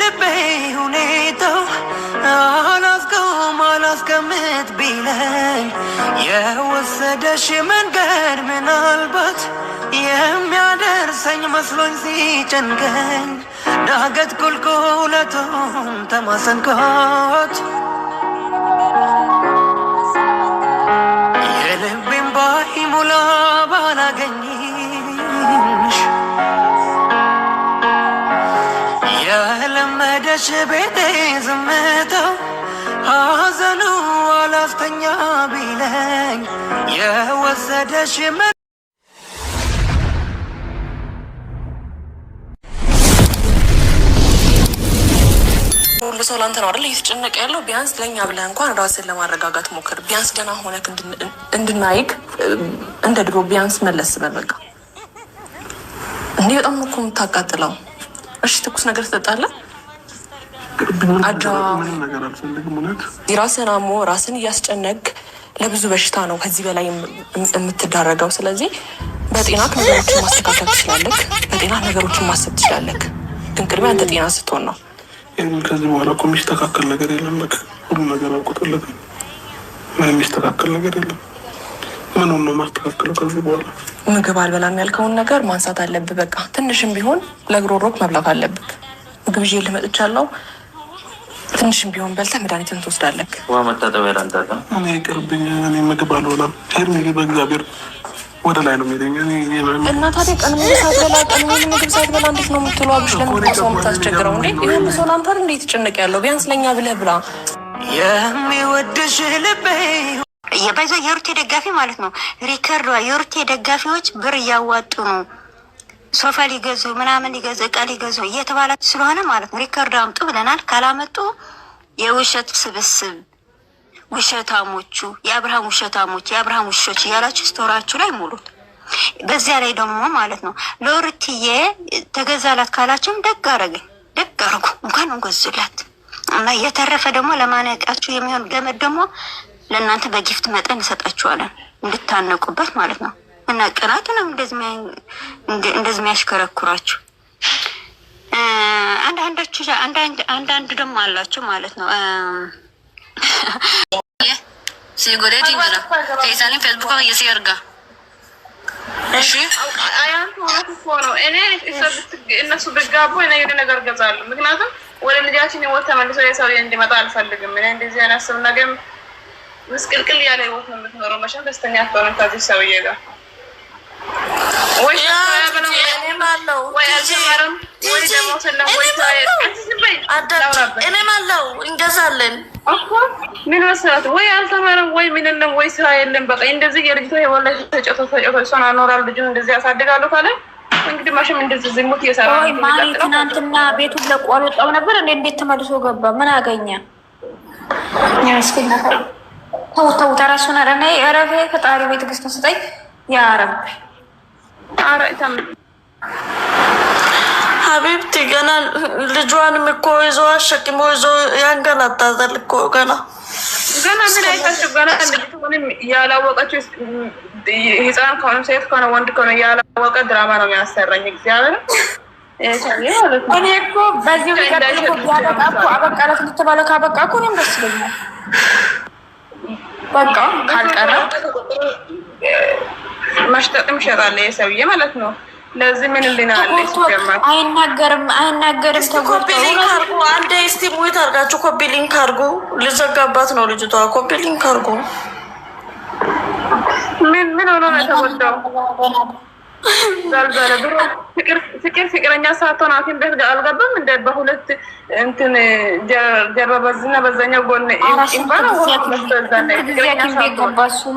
ልቤ ሁኔታው አላስቀውም አላስቀምጥ ቢለኝ የወሰደሽ መንገድ ምናልባት የሚያደርሰኝ መስሎኝ ሲጨንቀኝ ዳገት ቁልቁለቱን ተማሰንኳት የልቤን ባይሞላ ነሽ ቤቴ ዝምታ ሐዘኑ አላፍተኛ ቢለኝ የወሰደሽ ሁሉ ሰው ላንተ ነው አይደል እየተጨነቀ ያለው? ቢያንስ ለእኛ ብለህ እንኳን ራስን ለማረጋጋት ሞክር። ቢያንስ ደህና ሆነህ እንድናይክ እንደ ድሮ ቢያንስ መለስ በል በቃ። እንዲህ በጣም እኮ የምታቃጥለው። እሺ ትኩስ ነገር ትጠጣለህ ራስን አሞ ራስን እያስጨነቅ ለብዙ በሽታ ነው ከዚህ በላይ የምትዳረገው። ስለዚህ በጤና ነገሮችን ማስተካከል ትችላለህ። በጤና ነገሮችን ማሰብ ትችላለህ። ግን ቅድሚያ አንተ ጤና ስትሆን ነው። ከዚህ በኋላ እኮ የሚስተካከል ነገር የለም። በቃ ሁሉ ነገር አውቆጠለት። ምን የሚስተካከል ነገር የለም። ምንም ነው ማስተካከለው ከዚህ በኋላ? ምግብ አልበላም ያልከውን ነገር ማንሳት አለብህ። በቃ ትንሽም ቢሆን ለግሮሮክ መብላት አለብህ። ምግብ ይዤ ልመጥቻለሁ ትንሽም ቢሆን በልተህ መድኃኒትን ትወስዳለህ። ውሃ መታጠቢያ ላንጣጣ እኔ ቅርብኝ እኔ ምግብ አልበላም። ሄርሜላ በእግዚአብሔር ወደ ላይ ነው የሚለኝ። እና ታዲያ ቀን ሙሉ ሳትበላ ቀን ሙሉ ምግብ ሳትበላ እንዴት ነው የምትውለው? አብሽ ለምን ሰው የምታስቸግረው እንዴ? ይህ ሰው ለአንተ እንዴት ጭንቅ ያለው? ቢያንስ ለእኛ ብለህ ብላ። የሚወድሽ ልቤ የባይዛ የሩቴ ደጋፊ ማለት ነው። ሪከርዷ የሩቴ ደጋፊዎች ብር እያዋጡ ነው ሶፋ ሊገዙ ምናምን ሊገዙ እቃ ሊገዙ እየተባለ ስለሆነ ማለት ነው። ሪከርድ አምጡ ብለናል። ካላመጡ የውሸት ስብስብ ውሸታሞቹ የአብርሃም ውሸታሞች የአብርሃም ውሾች እያላችሁ ስቶራችሁ ላይ ሙሉት። በዚያ ላይ ደግሞ ማለት ነው ለወርትዬ ተገዛላት ካላችሁም ደግ አረገኝ ደግ አርጉ እንኳን እንጎዙላት እና የተረፈ ደግሞ ለማነቃችሁ የሚሆን ገመድ ደግሞ ለእናንተ በጊፍት መጠን እሰጣችኋለን እንድታነቁበት ማለት ነው። እና ቅናቱ ነው እንደዚህ የሚያሽከረኩራችሁ። አንዳንዶቹ አንዳንድ ደግሞ አላቸው ማለት ነው። እነሱ ብጋቡ የሆነ ነገር ገዛሉ። ምክንያቱም ወደ ልጃችን ህይወት ተመልሶ የሰው እንዲመጣ አልፈልግም። እኔ እንደዚህ አይነት ስብ ነገም ምስቅልቅል ያለ ህይወት ነው የምትኖረው። መቼም ደስተኛ ከሆነ ከዚህ ሰውዬ ጋር እኔም አለው እንገዛለን። ምን መሰላት ወይ አልተማረም ወይ ምን ወይ ስራ የለም። በቃ እንደዚህ የልጅቷ የሆን ተጨቶ ተጨቶ እሷን አኖራል ልጁ እንደዚህ ያሳድጋለሁ ካለ እንግዲህ ማሽም እንደዚህ ዝሙት እየሰራ ማሪ ትናንትና ቤቱን ለቆ አልወጣም ነበር እንዴ? እንዴት ተመልሶ ገባ? ምን አገኘ? ተው ተው፣ ተራሱን አረና ረፌ ፈጣሪ ቤት ግስቱን ስጠኝ ያረብ ሀቢብቲ ገና ልጇንም እኮ ይዞ አሸክሞ ይዞ ያንገላታታል እኮ ገና ገና ምን አይታችሁ ገና ልጅትሆንም ያላወቀችው ህፃን ከሆነ ሴት ከሆነ ወንድ ከሆነ ያላወቀ ድራማ ነው የሚያሰራኝ። እግዚአብሔር እኔ እኮ በዚህ ልትባለ ካበቃ እኮ እኔም ደስ ይለኛል። በቃ ካልቀረ መሽጠጥም ይሸጣል የሰውዬ ማለት ነው። ለዚህ ምን ልናለ አይናገርም አይናገርም። ኮፒ ሊንክ አርጉ። አንድ ስቲ ሙት አርጋችሁ ኮፒ አርጉ። ልዘጋባት ነው ልጅቷ። ኮፒ አርጉ። ምን ምን ሆኖ ነው የተጎዳው? ዛልዛለ ድሮ ፍቅር ፍቅረኛ ሳትሆን ሐኪም ቤት አልገባም እንደ በሁለት እንትን ጀርባ በዝና በዛኛው ጎን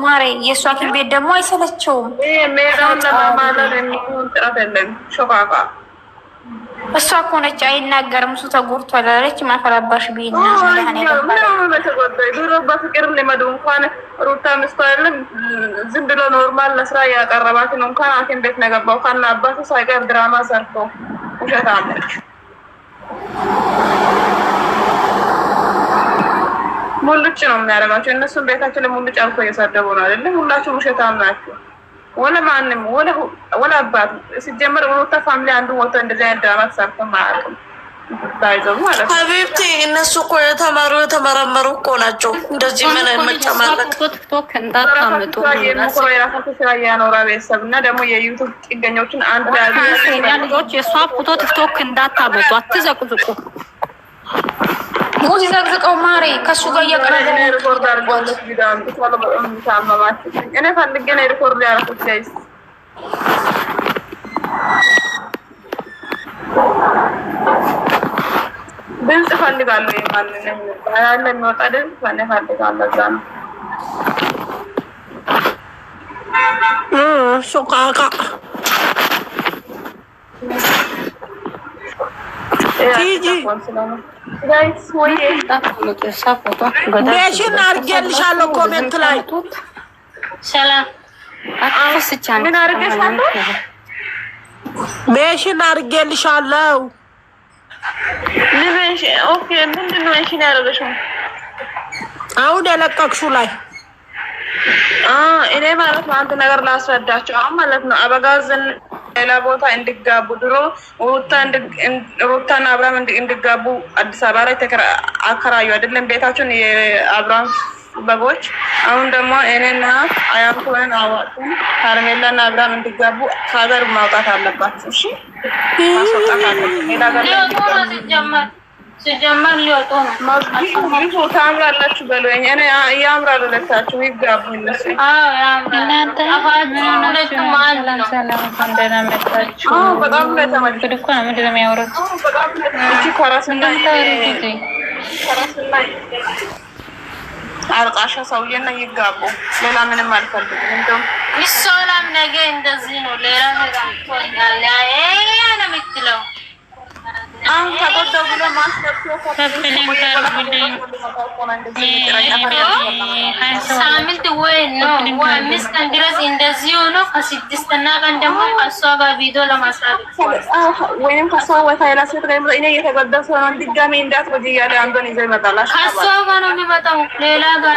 ማሬ የእሱ ሐኪም ቤት ደግሞ አይሰለቸውም። ሜዳውን ለማማለል የሚሆን ጥረት የለም ሾፋፋ እሷ እኮ ነች አይናገርም፣ እሱ ተጎድቷል አለች። ማፈራባሽ ቢና ድሮ በፍቅር ልመዱ እንኳን ሩታ ምስቶ ያለም ዝም ብሎ ኖርማል ለስራ ያቀረባትን እንኳን ሐኪም ቤት ነገባው ካና አባቱ ሳይቀር ድራማ ሰርቶ ውሸት አለች። ሙልጭ ነው የሚያደርጋቸው እነሱም ቤታቸው ሙልጭ አልፎ እየሳደቡ ነው አይደለም። ሁላችሁም ውሸታም ናችሁ። ወለ ማንም ወለ አባት ሲጀመር ሩታ ፋሚሊ አንዱ ወቶ እንደዚህ አይነት ድራማ ተሰርቶ አያውቅም። ሀቢብቲ እነሱ እኮ የተማሩ የተመረመሩ እኮ ናቸው። እንደዚህ ምን መጨማለቅ እንዳታምጡ የራሳቸው ስራ እያኖራ ቤተሰብ እና ደግሞ የዩቱብ ጥገኞችን አንድ ልጆች የእሷ ፎቶ ቲክቶክ እንዳታመጡ አትዘቅዝቁ። ሙዚቃ ዝቆ ማሪ ከሱ ጋር እያቀረበ ሪኮርድ አድርጓለሁ። እኔ ፈልጌ ነው ሪኮርድ ያደረኩት ጋይስ። ድምፅ ፈልጋለሁ። ማንንም ያለ የሚወጣ ድምፅ እኔ ፈልጋለሁ። እዛ ነው ሶቃቃ ሽን አድርጌልሻለሁ ኮሜንት ላይ ሽን አድርጌልሻለሁ። አሁን የለቀቅሽው ላይ እኔ ማለት ነው አንድ ነገር ላስረዳቸው። አሁን ማለት ነው አበጋዝን ሌላ ቦታ እንዲጋቡ ድሮ ሩታና አብርሃም እንዲጋቡ አዲስ አበባ ላይ አከራዩ አይደለም ቤታቸውን የአብርሃም በጎች። አሁን ደግሞ እኔና አያንኮን አዋጡን ካርሜላና አብርሃም እንዲጋቡ ከሀገር ማውጣት አለባት። እሺ ማስወጣት አለባት። ሲጀመር ሊወጡ ነው። ታምራላችሁ በለኝ። እኔ ያምራል ሁለታችሁ ይጋቡ። አርቃሻ ሰውዬና ይጋቡ። ሌላ ምንም አልፈልግም። እንደውም ሚሶላም ነገ እንደዚህ ነው። ሌላ ነው የምትለው አሁን ተጎዳው ብሎ ሳምንት ወይ አምስት ቀን ድረስ እንደዚህ ሆኖ ከስድስተኛ ቀን ደግሞ ከእሷ ጋር ቪዲዮ ለማስራት ወይም ከእሷ ወታይላ ሴት ጋር እኔ እየተጎዳ ሰው ድጋሜ እንዳትጎጂ እያለ አንዱን ይዘው ይመጣል። ከእሷ ጋር ነው የሚመጣው ሌላ ጋር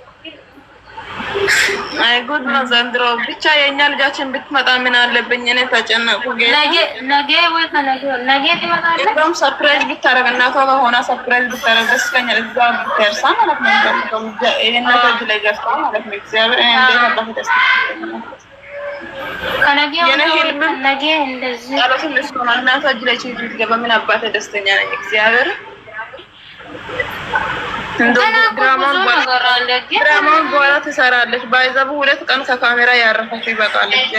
አይ ጉድ ነው ዘንድሮ። ብቻ የእኛ ልጃችን ብትመጣ ምን አለብኝ? እኔ ተጨነቁ። እንደውም ሰርፕራይዝ ብታረግ እናቷ በሆነ ሰርፕራይዝ ብታረግ ደስ ይለኛል። እዛ ብትደርሳ ማለት ነው ላይ ገርሳ ማለት ነው። እግዚአብሔር እንዴት አባት ምን አባት ደስተኛ ነኝ እግዚአብሔር ድራማውን በኋላ ትሰራለች። ባይዘቡ ሁለት ቀን ከካሜራ ያረፈችው ይበቃለች።